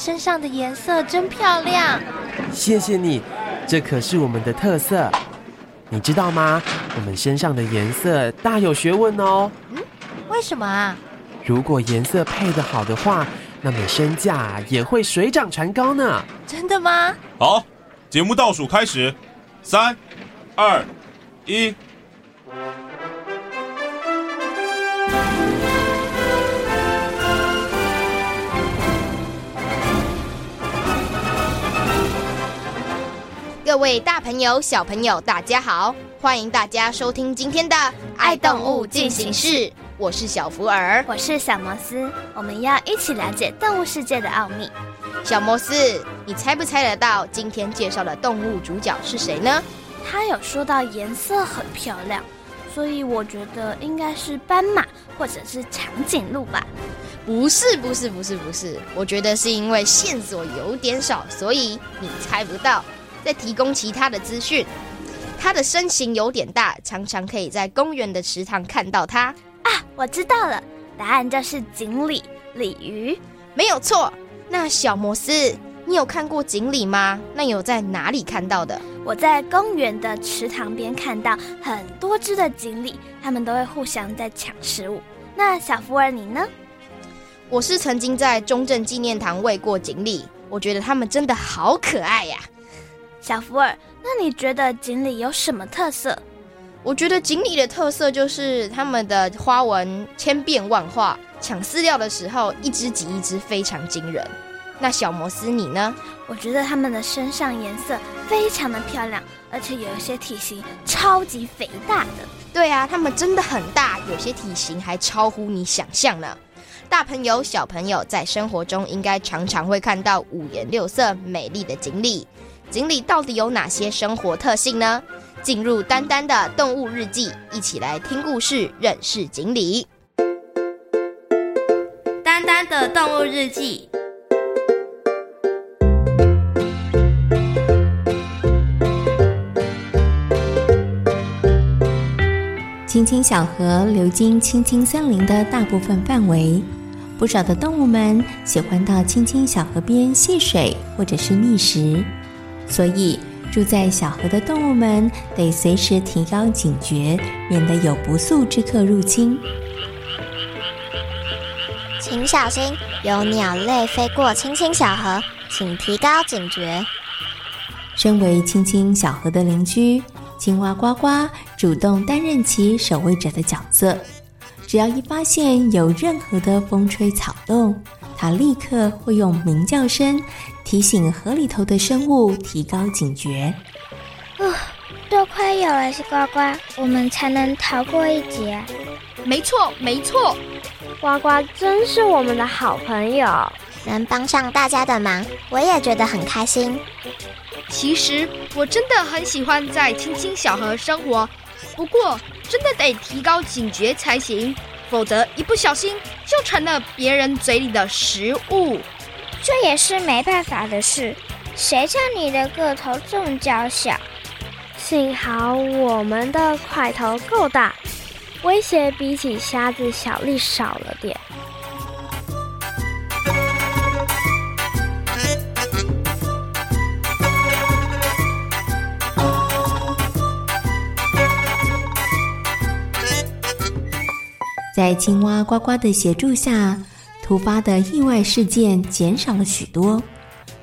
身上的顏色真漂亮，謝謝你，這可是我們的特色，你知道嗎？我們身上的顏色大有學問哦。嗯，為什麼啊？如果顏色配得好的話，那麼身價也會水漲船高呢。真的嗎？好，節目倒數開始，三、二、一。各位大朋友、小朋友，大家好！歡迎大家收聽今天的《i 動物進行式》，我是小福爾，我是小摩斯，我們要一起了解動物世界的奧秘。小摩斯，你猜不猜得到今天介紹的動物主角是誰呢？他有說到顏色很漂亮，所以我覺得應該是斑馬或者是長頸鹿吧？不是，不是，不是，不是，我覺得是因為線索有點少，所以你猜不到。再提供其他的資訊。他的身形有點大，常常可以在公園的池塘看到他。啊，我知道了，答案就是錦鯉、鯉魚，沒有錯。那小摩斯，你有看過錦鯉嗎？那有在哪裡看到的？我在公園的池塘邊看到很多隻的錦鯉，它們都會互相在搶食物。那小福爾，你呢？我是曾經在中正紀念堂餵過錦鯉，我覺得它們真的好可愛呀、啊。小福爾，那你覺得錦鯉有什麼特色？我覺得錦鯉的特色就是它們的花紋千變萬化，搶飼料的時候一隻擠一隻，非常驚人。那小摩斯，你呢？我覺得它們的身上顏色非常的漂亮，而且有一些體型超級肥大的。對啊，它們真的很大，有些體型還超乎你想象呢。大朋友、小朋友在生活中應該常常會看到五顏六色、美麗的錦鯉。錦鯉到底有哪些生活特性呢？進入丹丹的動物日記，一起來聽故事，認識錦鯉。丹丹的動物日記。青青小河流經青青森,森林的大部分範圍，不少的動物們喜歡到青青小河邊戲水，或者是覓食。所以，住在小河的動物們得隨時提高警覺，免得有不速之客入侵。請小心，有鳥類飛過青青小河，請提高警覺。身為青青小河的鄰居，青蛙呱呱主動擔任起守衛者的角色，只要一發現有任何的風吹草動，它立刻會用鳴叫聲提醒河裡頭的生物提高警覺。啊、哦，多虧有了，是呱呱，我們才能逃過一劫。沒錯，沒錯，呱呱真是我們的好朋友，能幫上大家的忙，我也覺得很開心。其實我真的很喜歡在青青小河生活，不過真的得提高警覺才行。否則一不小心就成了別人嘴裡的食物，這也是沒辦法的事。誰叫你的個頭這麼嬌小？幸好我們的塊頭夠大，威脅比起蝦子小麗少了點。在青蛙呱呱的協助下，突發的意外事件減少了許多。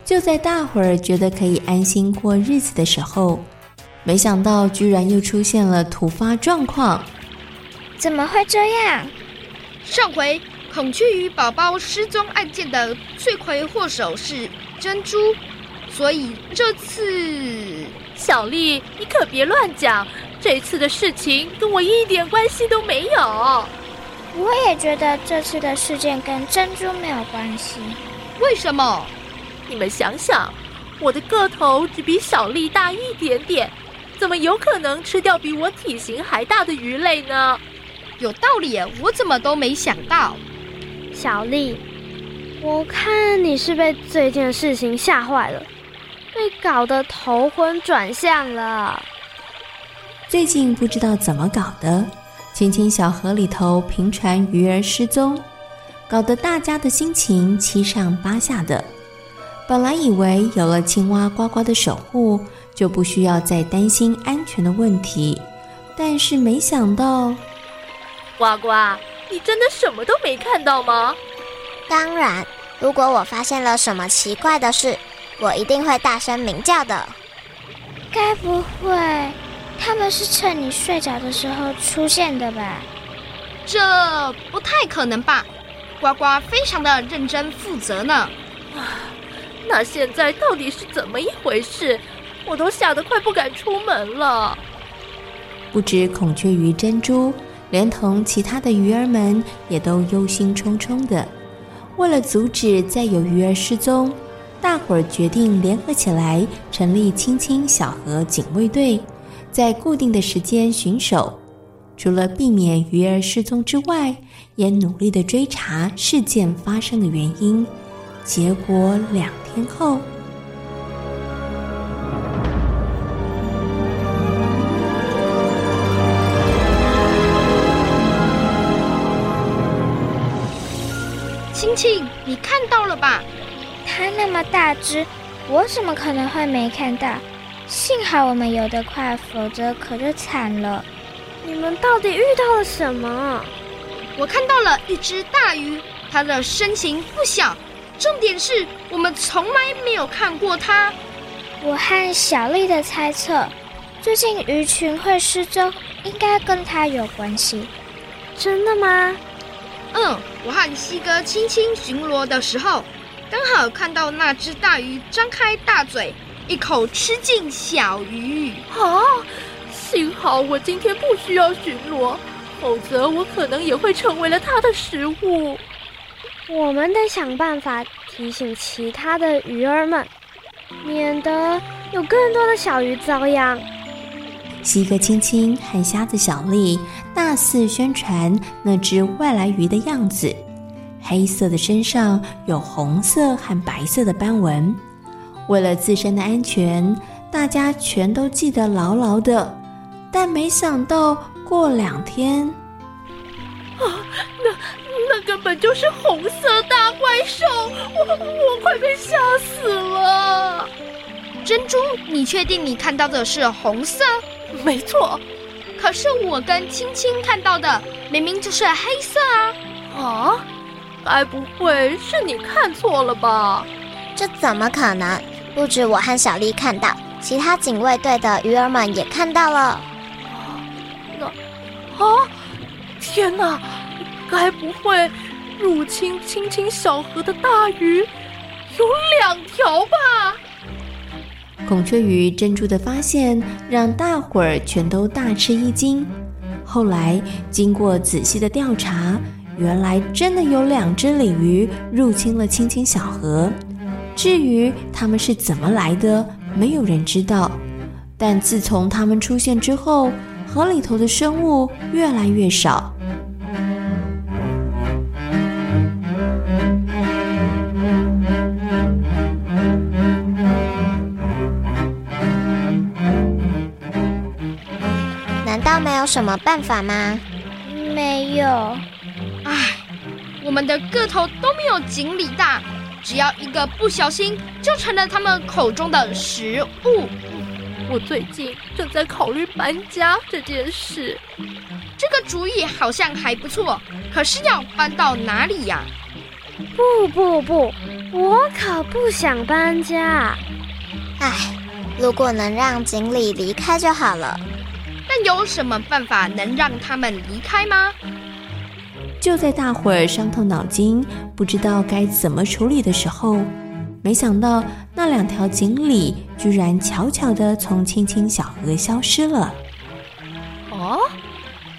就在大夥兒覺得可以安心過日子的時候，沒想到居然又出現了突發狀況。怎麼會這樣？上回孔雀魚寶寶失蹤案件的罪魁禍首是珍珠，所以這次，小麗，你可別亂講。這次的事情跟我一點關係都沒有。我也覺得這次的事件跟珍珠沒有關係。為什麼？你們想想，我的個頭只比小麗大一點點，怎麼有可能吃掉比我體型還大的魚類呢？有道理，我怎麼都沒想到。小麗，我看你是被最近的事情嚇壞了，被搞得頭昏轉向了。最近不知道怎麼搞的，青青小河裡頭，頻傳魚兒失蹤，搞得大家的心情七上八下的。本來以為有了青蛙呱呱的守護，就不需要再擔心安全的問題，但是沒想到，呱呱，你真的什麼都沒看到嗎？當然，如果我發現了什麼奇怪的事，我一定會大聲鳴叫的。該不會……他們是趁你睡着的時候出現的吧？這不太可能吧？呱呱非常的認真負責呢。啊，那現在到底是怎麼一回事？我都嚇得快不敢出門了。不止孔雀魚珍珠，連同其他的魚兒們也都憂心忡忡的。為了阻止再有魚兒失蹤，大夥兒決定聯合起來，成立青青小河警衛隊。在固定的時間巡守，除了避免魚兒失蹤之外，也努力的追查事件發生的原因。結果兩天後，青青，你看到了吧？它那麼大只，我怎麼可能會沒看到？幸好我們游得快，否則可就慘了。你們到底遇到了什麼？我看到了一隻大魚，它的身形不小，重點是我們從來沒有看過它。我和小麗的猜測，最近魚群會失蹤，應該跟它有關係。真的嗎？嗯，我和西哥輕輕巡邏的時候，剛好看到那隻大魚張開大嘴，一口吃盡小魚啊！幸好我今天不需要巡邏，否則我可能也會成為了它的食物。我們得想辦法提醒其他的魚兒們，免得有更多的小魚遭殃。西哥青青和瞎子小麗大肆宣傳那只外來魚的樣子：黑色的身上有紅色和白色的斑紋。為了自身的安全，大家全都記得牢牢的。但沒想到過兩天，啊，那那根本就是紅色大怪獸！我我快被嚇死了。珍珠，你確定你看到的是紅色？沒錯，可是我跟青青看到的明明就是黑色啊！啊，該不會是你看錯了吧？這怎麼可能？不止我和小麗看到，其他警衛隊的魚兒們也看到了。那啊，天哪！該不會入侵青青小河的大魚有兩條吧？孔雀魚珍珠的發現讓大夥兒全都大吃一驚。後來經過仔細的調查，原來真的有兩只鯉魚入侵了青青小河。至於他們是怎麼來的，沒有人知道。但自從他們出現之後，河裡頭的生物越來越少。難道沒有什麼辦法嗎？沒有。唉，我們的個頭都沒有錦鯉大。只要一個不小心，就成了他們口中的食物。我最近正在考慮搬家這件事，這個主意好像還不錯。可是要搬到哪裡呀、啊？不不不，我可不想搬家。唉，如果能讓錦鯉離開就好了。那有什麼辦法能讓他們離開嗎？就在大夥兒傷透腦筋，不知道該怎麼處理的時候，沒想到那兩條錦鯉居然悄悄地從青青小河消失了。哦，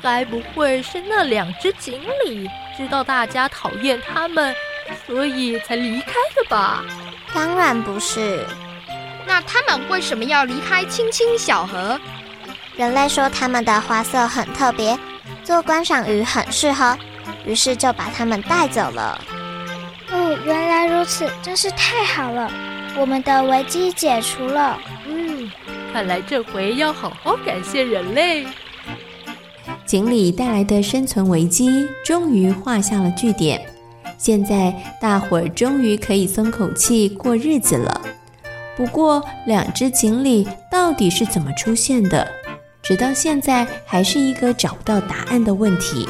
該不會是那兩隻錦鯉知道大家討厭它們，所以才離開的吧？當然不是。那它們為什麼要離開青青小河？人類說它們的花色很特別，做觀賞魚很適合。於是就把牠們帶走了。哦、嗯，原來如此，真是太好了，我們的危機解除了。嗯，看來這回要好好感謝人類。錦鯉帶來的生存危機終於畫下了句點，現在大伙兒終於可以鬆口氣過日子了。不過，兩只錦鯉到底是怎麼出現的，直到現在還是一個找不到答案的問題。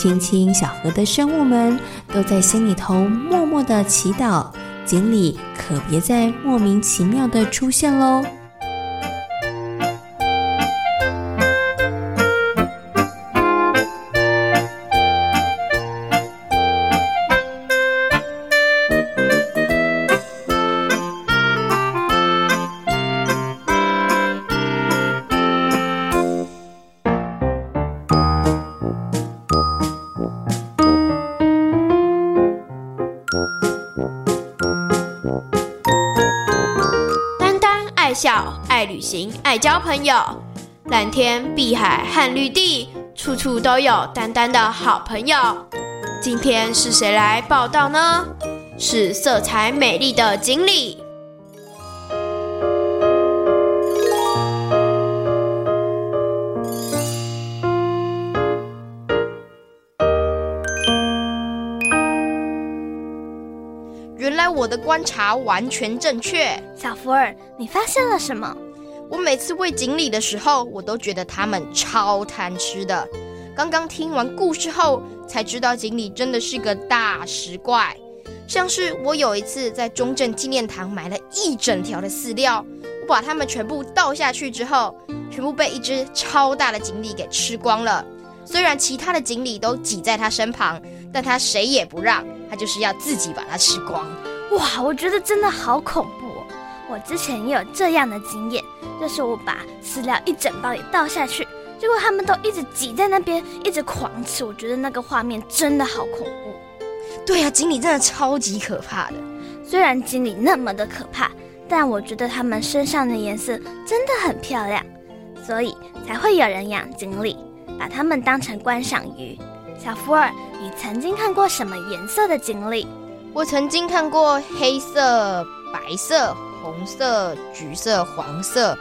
青青小河的生物們都在心裡頭默默地祈禱：錦鯉可別再莫名其妙地出現嘍。愛交朋友，藍天碧海和綠地，處處都有丹丹的好朋友。今天是誰來報道呢？是色彩美麗的錦鯉。原來我的觀察完全正確。小福兒，你發現了什麼？我每次餵錦鯉的時候，我都覺得它們超貪吃的。剛剛聽完故事後，才知道錦鯉真的是個大食怪。像是我有一次在中正紀念堂買了一整條的飼料，我把它們全部倒下去之後，全部被一隻超大的錦鯉給吃光了。雖然其他的錦鯉都擠在它身旁，但它誰也不讓，它就是要自己把它吃光。哇，我覺得真的好恐。我之前也有這樣的經驗，就是我把飼料一整包也倒下去，結果他們都一直擠在那邊，一直狂吃。我覺得那個畫面真的好恐怖。對呀、啊，錦鯉真的超級可怕的。雖然錦鯉那麼的可怕，但我覺得它們身上的顏色真的很漂亮，所以才會有人養錦鯉，把它們當成觀賞魚。小福爾，你曾經看過什麼顏色的錦鯉？我曾經看過黑色、白色、紅色、橘色、黃色、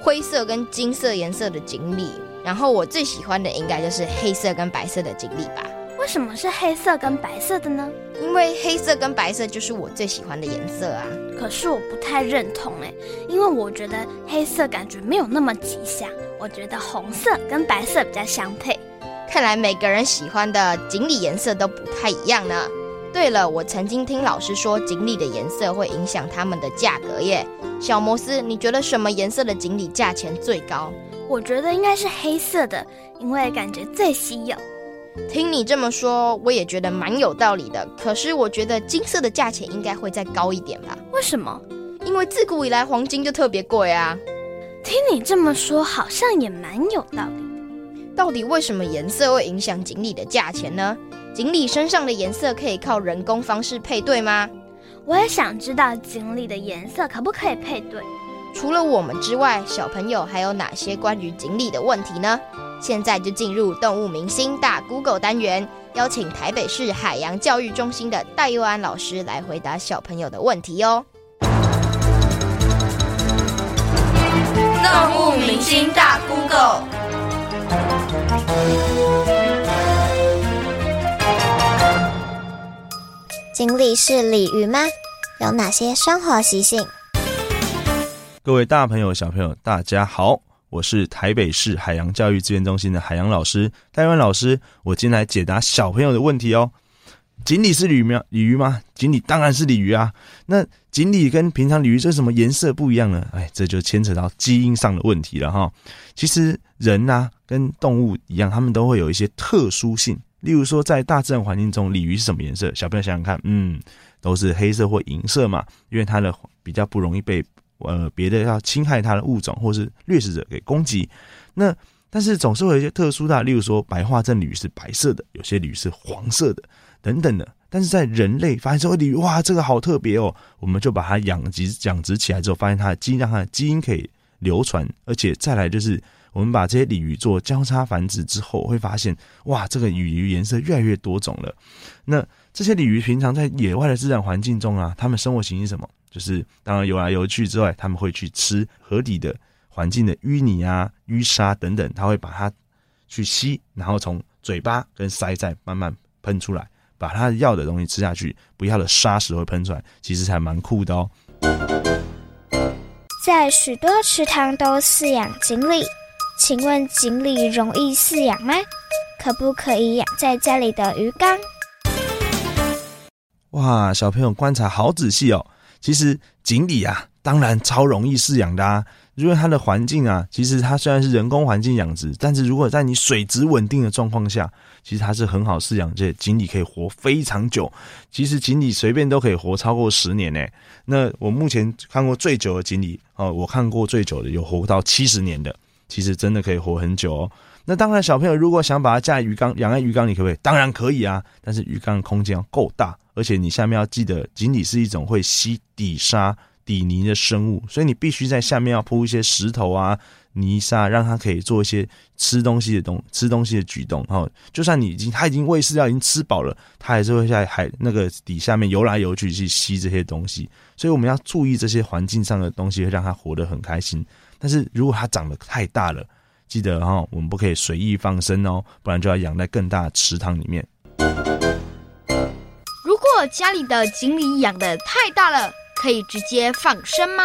灰色跟金色顏色的錦鯉，然後我最喜歡的應該就是黑色跟白色的錦鯉吧？為什麼是黑色跟白色的呢？因為黑色跟白色就是我最喜歡的顏色啊。可是我不太認同哎，因為我覺得黑色感覺沒有那麼吉祥，我覺得紅色跟白色比較相配。看來每個人喜歡的錦鯉顏色都不太一樣呢。對了，我曾經聽老師說，錦鯉的顏色會影響它們的價格耶。小摩斯，你覺得什麼顏色的錦鯉價錢最高？我覺得應該是黑色的，因為感覺最稀有。聽你這麼說，我也覺得蠻有道理的。可是我覺得金色的價錢應該會再高一點吧？為什麼？因為自古以來黃金就特別貴啊。聽你這麼說，好像也蠻有道理的。到底為什麼顏色會影響錦鯉的價錢呢？錦鯉身上的顏色可以靠人工方式配對嗎？我也想知道錦鯉的顏色可不可以配對。除了我們之外，小朋友還有哪些關於錦鯉的問題呢？現在就進入動物明星大 Google 單元，邀請台北市海洋教育中心的戴佑安老師來回答小朋友的問題哦！動物明星大 Google。錦鯉是鯉魚嗎？有哪些生活習性？各位大朋友、小朋友，大家好，我是台北市海洋教育資源中心的海洋老師戴佑安老師，我今天來解答小朋友的問題哦。錦鯉是鯉魚嗎？鯉魚嗎？錦鯉當然是鯉魚啊。那錦鯉跟平常鯉魚為什麼顏色不一樣呢？哎，這就牽扯到基因上的問題了哈。其實人吶、啊、跟動物一樣，他們都會有一些特殊性。例如說，在大自然環境中，鯉魚是什麼顏色？小朋友想想看，嗯，都是黑色或銀色嘛，因為它的比較不容易被呃別的要侵害它的物種或是掠食者給攻擊。那但是總是會有一些特殊的，例如說白化症鯉魚是白色的，有些鯉魚是黃色的等等的。但是在人類發現說鯉魚哇，這個好特別哦，我們就把它養殖養殖起來之後，發現它的基因讓它的基因可以流傳，而且再來就是。我們把這些鯉魚做交叉繁殖之後，會發現哇，這個鯉魚顏色越來越多種了。那這些鯉魚平常在野外的自然環境中啊，它們生活習性是什麼？就是當然游來游去之外，他們會去吃河底的環境的淤泥啊、淤沙等等，他會把它去吸，然後從嘴巴跟腮再慢慢噴出來，把它要的東西吃下去，不要的沙石會噴出來，其實還蠻酷的哦。在許多池塘都飼養錦鯉。請問錦鯉容易飼養嗎？可不可以養在家裡的魚缸？哇，小朋友觀察好仔細哦！其實錦鯉啊，當然超容易飼養的啊，因為它的環境啊，其實它雖然是人工環境養殖，但是如果在你水質穩定的狀況下，其實它是很好飼養的。這錦鯉可以活非常久，其實錦鯉隨便都可以活超過十年呢。那我目前看過最久的錦鯉哦，我看過最久的有活到七十年的。其實真的可以活很久哦。那當然，小朋友如果想把它架魚缸、養在魚缸，你可不可以？當然可以啊。但是魚缸的空間要夠大，而且你下面要記得，錦鯉是一種會吸底沙、底泥的生物，所以你必須在下面要鋪一些石頭啊、泥沙，讓它可以做一些吃東西的東、吃東西的舉動。哦，就算你已經它已經餵飼料、已經吃飽了，它還是會在海那個底下面游來游去去吸這些東西。所以我們要注意這些環境上的東西，會讓它活得很開心。但是如果它長得太大了，記得哈，我們不可以隨意放生哦，不然就要養在更大的池塘裡面。如果家裡的錦鯉養得太大了，可以直接放生嗎？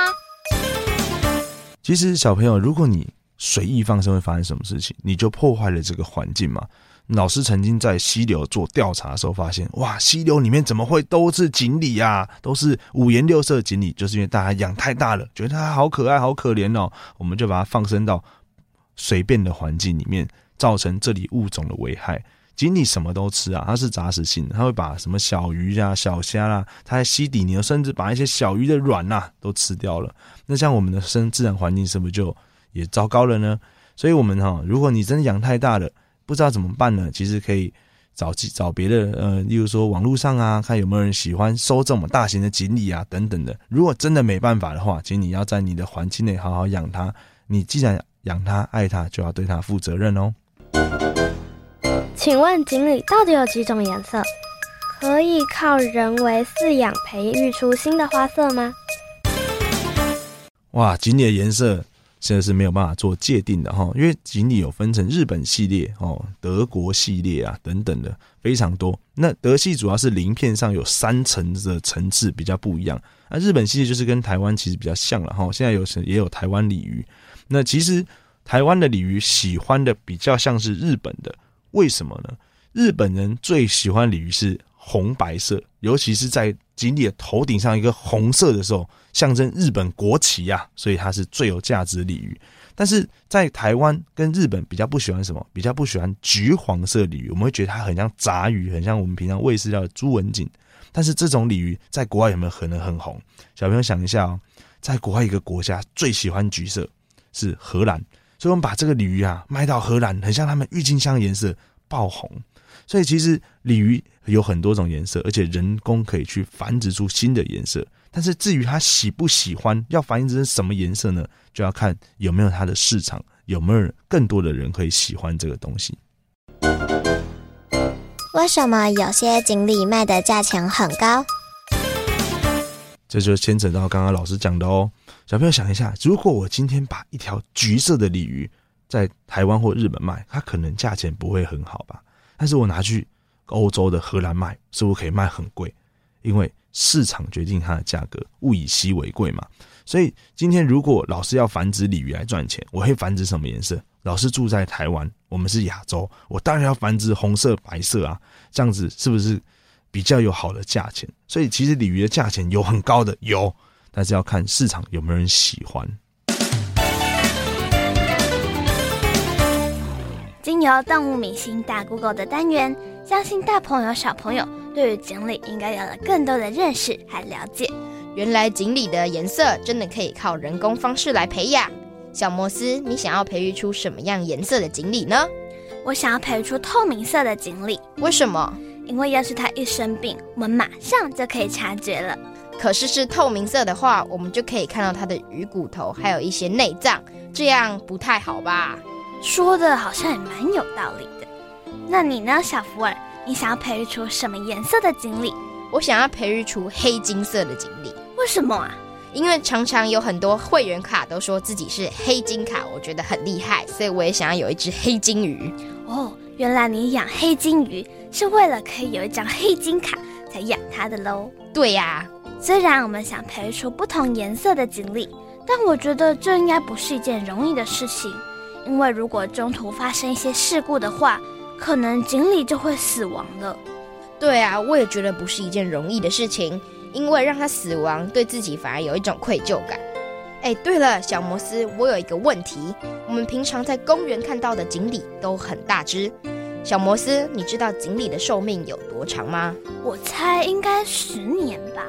其實，小朋友，如果你隨意放生，會發生什麼事情？你就破壞了這個環境嘛。老師曾經在溪流做調查的時候，發現哇，溪流裡面怎麼會都是錦鯉啊？都是五顏六色的錦鯉，就是因為大家養太大了，覺得它好可愛、好可憐哦，我們就把它放生到隨便的環境裡面，造成這裡物種的危害。錦鯉什麼都吃啊，它是雜食性，它會把什麼小魚啊、小蝦啦、啊，它在溪底泥，甚至把一些小魚的卵吶、啊、都吃掉了。那像我們的生自然環境，是不是就也糟糕了呢？所以，我們哈，如果你真的養太大了，不知道怎麼辦呢？其實可以找找別的，呃，例如說網路上啊，看有沒有人喜歡收這麼大型的錦鯉啊等等的。如果真的沒辦法的話，請你要在你的環境內好好養它。你既然養它、愛它，就要對它負責任哦。請問錦鯉到底有幾種顏色？可以靠人為飼養培育出新的花色嗎？哇，錦鯉的顏色。現在是沒有辦法做界定的哈，因為錦鯉有分成日本系列哦、德國系列啊等等的非常多。那德系主要是鱗片上有三層的層次比較不一樣，啊，日本系列就是跟台灣其實比較像了哈。現在有也有台灣鯉魚，那其實台灣的鯉魚喜歡的比較像是日本的，為什麼呢？日本人最喜歡鯉魚是紅白色，尤其是在錦鯉的頭頂上一個紅色的時候，象徵日本國旗啊，所以它是最有價值的鯉魚。但是在台灣跟日本比較不喜歡什麼？比較不喜歡橘黃色鯉魚，我們會覺得它很像雜魚，很像我們平常餵飼料的朱文錦。但是這種鯉魚在國外有沒有可能很紅？小朋友想一下哦，在國外一個國家最喜歡橘色是荷蘭，所以我們把這個鯉魚啊賣到荷蘭，很像他們鬱金香顏色爆紅。所以其實鯉魚。有很多種顏色，而且人工可以去繁殖出新的顏色。但是至於它喜不喜歡，要繁殖什麼顏色呢？就要看有沒有它的市場，有沒有更多的人可以喜歡這個東西。為什麼有些錦鯉賣的價錢很高？這就牽扯到剛剛老師講的哦。小朋友想一下，如果我今天把一條橘色的鯉魚在台灣或日本賣，它可能價錢不會很好吧？但是我拿去。歐洲的荷蘭賣，是不是可以賣很貴？因為市場決定它的價格，物以稀為貴嘛。所以今天如果老師要繁殖鯉魚來賺錢，我會繁殖什麼顏色？老師住在台灣，我們是亞洲，我當然要繁殖紅色、白色啊，這樣子是不是比較有好的價錢？所以其實鯉魚的價錢有很高的，有，但是要看市場有沒有人喜歡。經由動物明星大 Google 的單元。相信大朋友、小朋友對於錦鯉應該有了更多的認識和了解。原來錦鯉的顏色真的可以靠人工方式來培養。小摩斯，你想要培育出什麼樣顏色的錦鯉呢？我想要培育出透明色的錦鯉。為什麼？因為要是它一生病，我們馬上就可以察覺了。可是是透明色的話，我們就可以看到它的魚骨頭，還有一些內臟，這樣不太好吧？說的好像也蠻有道理。那你呢，小福爾？你想要培育出什麼顏色的錦鯉？我想要培育出黑金色的錦鯉。為什麼啊？因為常常有很多會員卡都說自己是黑金卡，我覺得很厲害，所以我也想要有一隻黑金魚。哦，原來你養黑金魚是為了可以有一張黑金卡才養它的嘍？對呀，啊。雖然我們想培育出不同顏色的錦鯉，但我覺得這應該不是一件容易的事情，因為如果中途發生一些事故的話，可能錦鯉就會死亡了。對啊，我也覺得不是一件容易的事情，因為讓它死亡，對自己反而有一種愧疚感。哎，對了，小摩斯，我有一個問題，我們平常在公園看到的錦鯉都很大只。小摩斯，你知道錦鯉的壽命有多長嗎？我猜應該十年吧。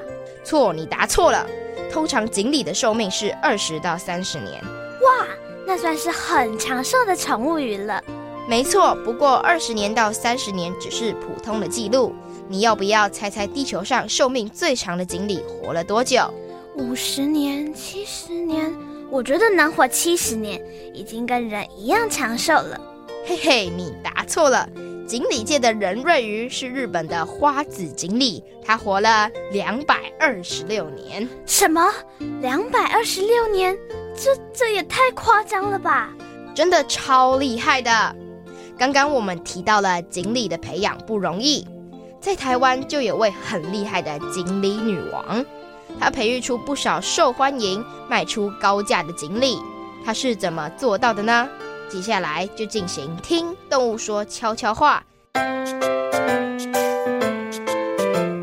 錯，你答錯了。通常錦鯉的壽命是二十到三十年。哇，那算是很長壽的寵物魚了。沒錯，不過二十年到三十年只是普通的記錄。你要不要猜猜地球上壽命最長的錦鯉活了多久？五十年、七十年？我覺得能活七十年已經跟人一樣長壽了。嘿嘿，你答錯了。錦鯉界的人瑞魚是日本的花子錦鯉，它活了兩百二十六年。什麼？兩百二十六年？這這也太誇張了吧！真的超厲害的。剛剛我們提到了錦鯉的培養不容易，在台灣就有位很厲害的錦鯉女王，她培育出不少受歡迎、賣出高價的錦鯉，她是怎麼做到的呢？接下來就進行聽動物說悄悄話。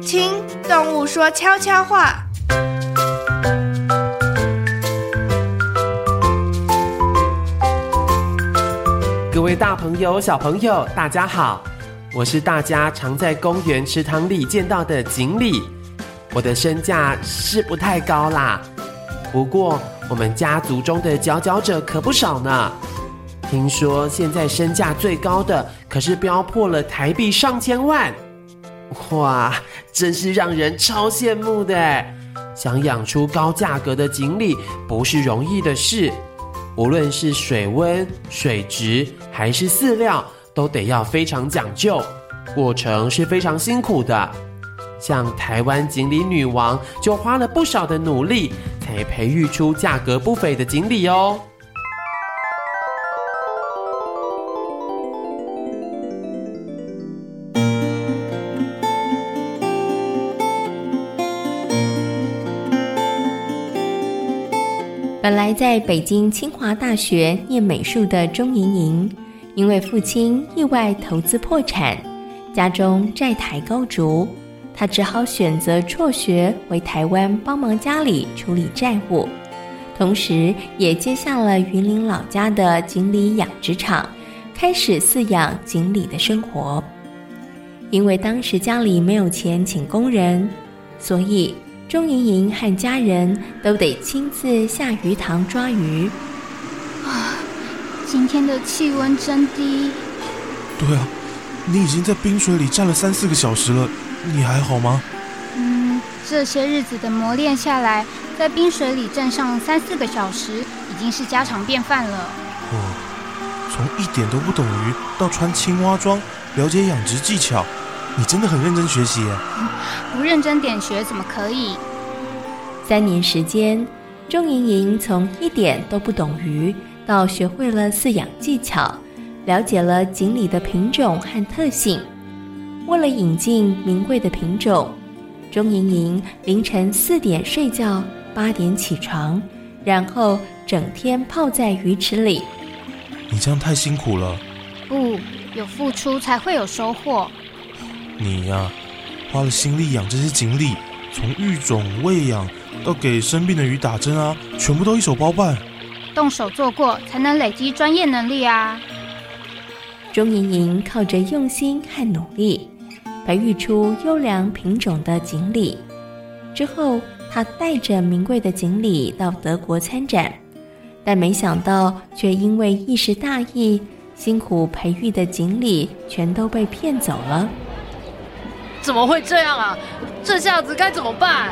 聽動物說悄悄話。各位大朋友、小朋友，大家好！我是大家常在公園池塘裡見到的錦鯉，我的身價是不太高啦。不過，我們家族中的佼佼者可不少呢。聽說現在身價最高的可是飆破了台幣上千萬，哇，真是讓人超羨慕的！想養出高價格的錦鯉，不是容易的事。無論是水溫、水質，還是飼料，都得要非常講究。過程是非常辛苦的，像台灣錦鯉女王就花了不少的努力，才培育出價格不菲的錦鯉哦。本來在北京清華大學念美術的鍾瑩瑩，因為父親意外投資破產，家中債台高築，她只好選擇輟學回台灣幫忙家裡處理債務，同時也接下了雲林老家的錦鯉養殖場，開始飼養錦鯉的生活。因為當時家裡沒有錢請工人，所以。鍾瑩瑩和家人都得親自下魚塘抓魚。啊，今天的氣溫真低。對啊，你已經在冰水裡站了三四個小時了，你還好嗎？嗯，這些日子的磨練下來，在冰水裡站上三四個小時已經是家常便飯了。我、哦、從一點都不懂魚，到穿青蛙裝，了解養殖技巧。你真的很認真學習。嗯，不認真點學怎麼可以？三年時間，鍾瑩瑩從一點都不懂魚，到學會了飼養技巧，了解了錦鯉的品種和特性。為了引進名貴的品種，鍾瑩瑩凌晨四點睡覺，八點起床，然後整天泡在魚池裡。你這樣太辛苦了。不，有付出才會有收穫。你呀、啊，花了心力養這些錦鯉，從育種、餵養到給生病的魚打針啊，全部都一手包辦。動手做過，才能累積專業能力啊。鍾瑩瑩靠着用心和努力，培育出優良品種的錦鯉。之後，她帶着名貴的錦鯉到德國參展，但沒想到卻因為一時大意，辛苦培育的錦鯉全都被騙走了。怎麼會這樣啊？這下子該怎麼辦？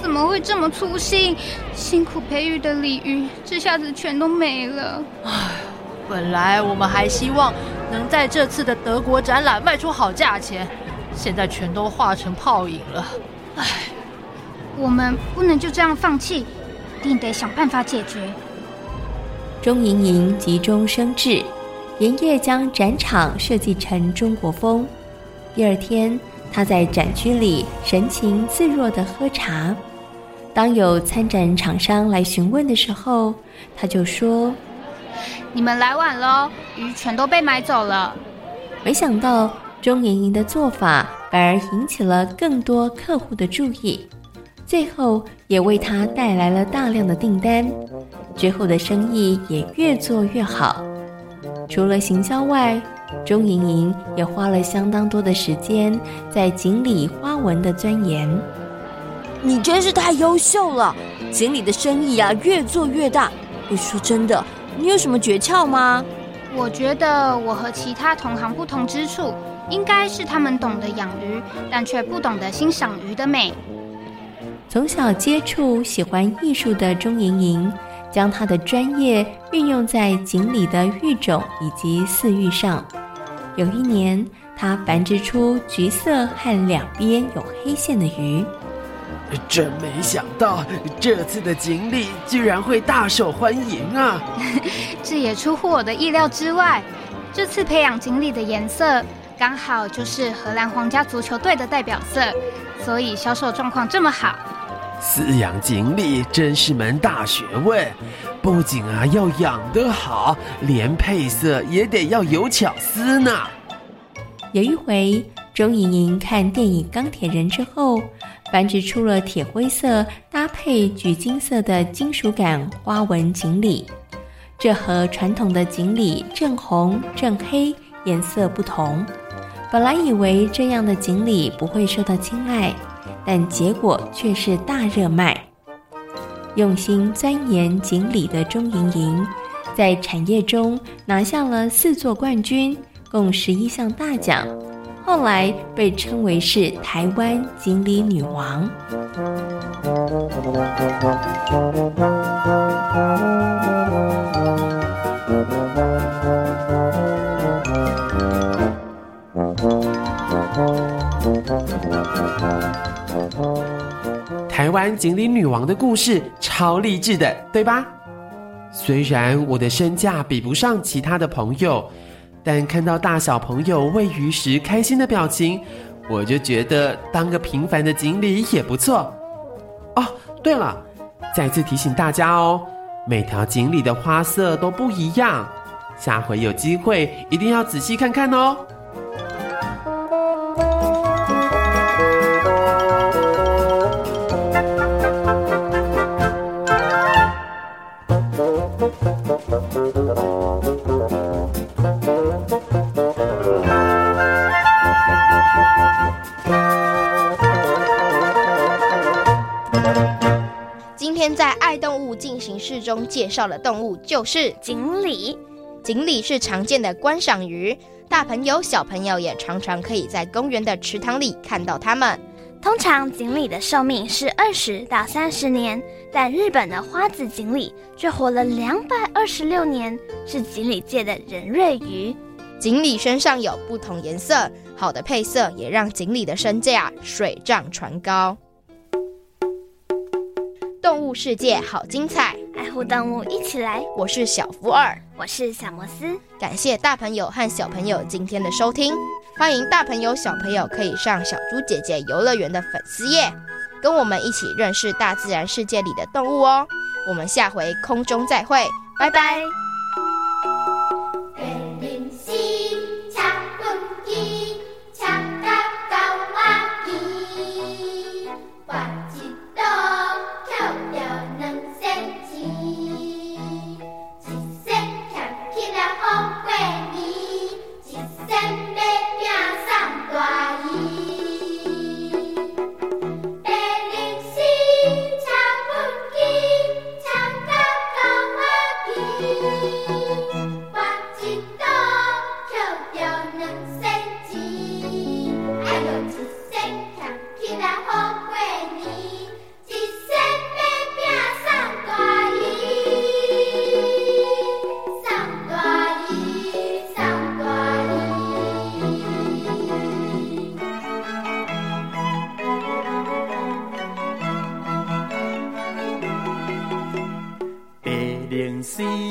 怎麼會這麼粗心？辛苦培育的鯉魚，這下子全都沒了。哎，本來我們還希望能在這次的德國展覽賣出好價錢，現在全都化成泡影了。哎，我們不能就這樣放棄，一定得想辦法解決。鍾瑩瑩急中生智，連夜將展場設計成中國風。第二天，他在展區裡神情自若地喝茶。當有參展廠商來詢問的時候，他就說：“你們來晚了，魚全都被買走了。”沒想到鍾瑩瑩的做法，反而引起了更多客戶的注意，最後也為他帶來了大量的訂單。之後的生意也越做越好。除了行銷外，鍾瑩瑩也花了相當多的時間在錦鯉花紋的鑽研。你真是太優秀了！錦鯉的生意啊，越做越大。你說真的，你有什麼訣竅嗎？我覺得我和其他同行不同之處，應該是他們懂得養魚，但卻不懂得欣賞魚的美。從小接觸、喜歡藝術的鍾瑩瑩，將她的專業運用在錦鯉的育種以及飼育上。有一年，他繁殖出橘色和兩邊有黑線的魚。真沒想到，這次的錦鯉居然會大受歡迎啊！ 這也出乎我的意料之外。這次培養錦鯉的顏色剛好就是荷蘭皇家足球隊的代表色，所以銷售狀況這麼好。飼養錦鯉真是門大學問，不僅啊要養得好，連配色也得要有巧思呢。有一回，鍾瑩瑩看電影《鋼鐵人》之後，繁殖出了鐵灰色搭配橘金色的金屬感花紋錦鯉，這和傳統的錦鯉正紅正黑顏色不同。本來以為這樣的錦鯉不會受到青睞。但結果卻是大熱賣。用心鑽研錦鯉的鍾盈盈，在產業中拿下了四座冠軍，共十一項大獎，後來被稱為是台灣錦鯉女王。台灣錦鯉女王的故事超勵志的，對吧？雖然我的身價比不上其他的朋友，但看到大小朋友餵魚時開心的表情，我就覺得當個平凡的錦鯉也不錯。哦，對了，再次提醒大家哦，每條錦鯉的花色都不一樣，下回有機會一定要仔細看看哦。今天在 i 動物進行式中介紹的動物就是錦鯉。錦鯉是常見的觀賞魚，大朋友小朋友也常常可以在公園的池塘裡看到它們。通常錦鯉的壽命是二十到三十年，但日本的花子錦鯉卻活了兩百二十六年，是錦鯉界的人瑞魚。錦鯉身上有不同顏色，好的配色也讓錦鯉的身價水漲船高。動物世界好精彩，愛護動物一起來。我是小福爾，我是小摩斯。感謝大朋友和小朋友今天的收聽。歡迎大朋友、小朋友可以上小茱姐姐遊樂園的粉絲頁，跟我們一起認識大自然世界裡的動物哦。我們下回空中再會，拜拜。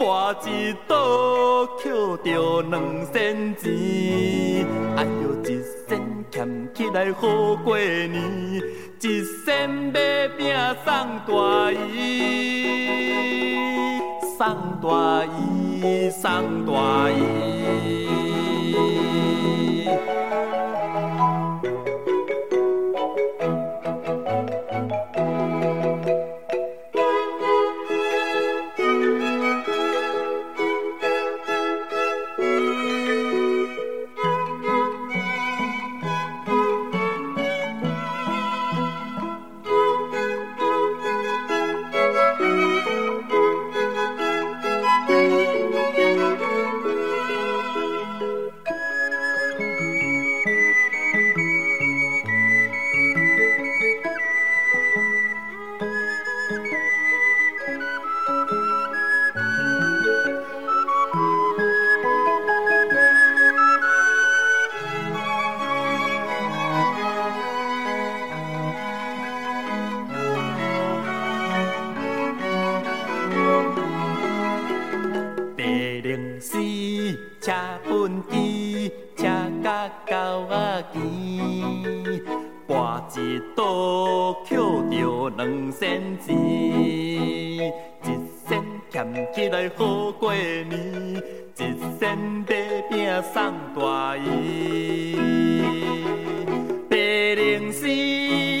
花一朵，撿着兩仙錢，哎呦，一仙儉起來好過年，一仙買餅送大姨，送大姨，送大姨。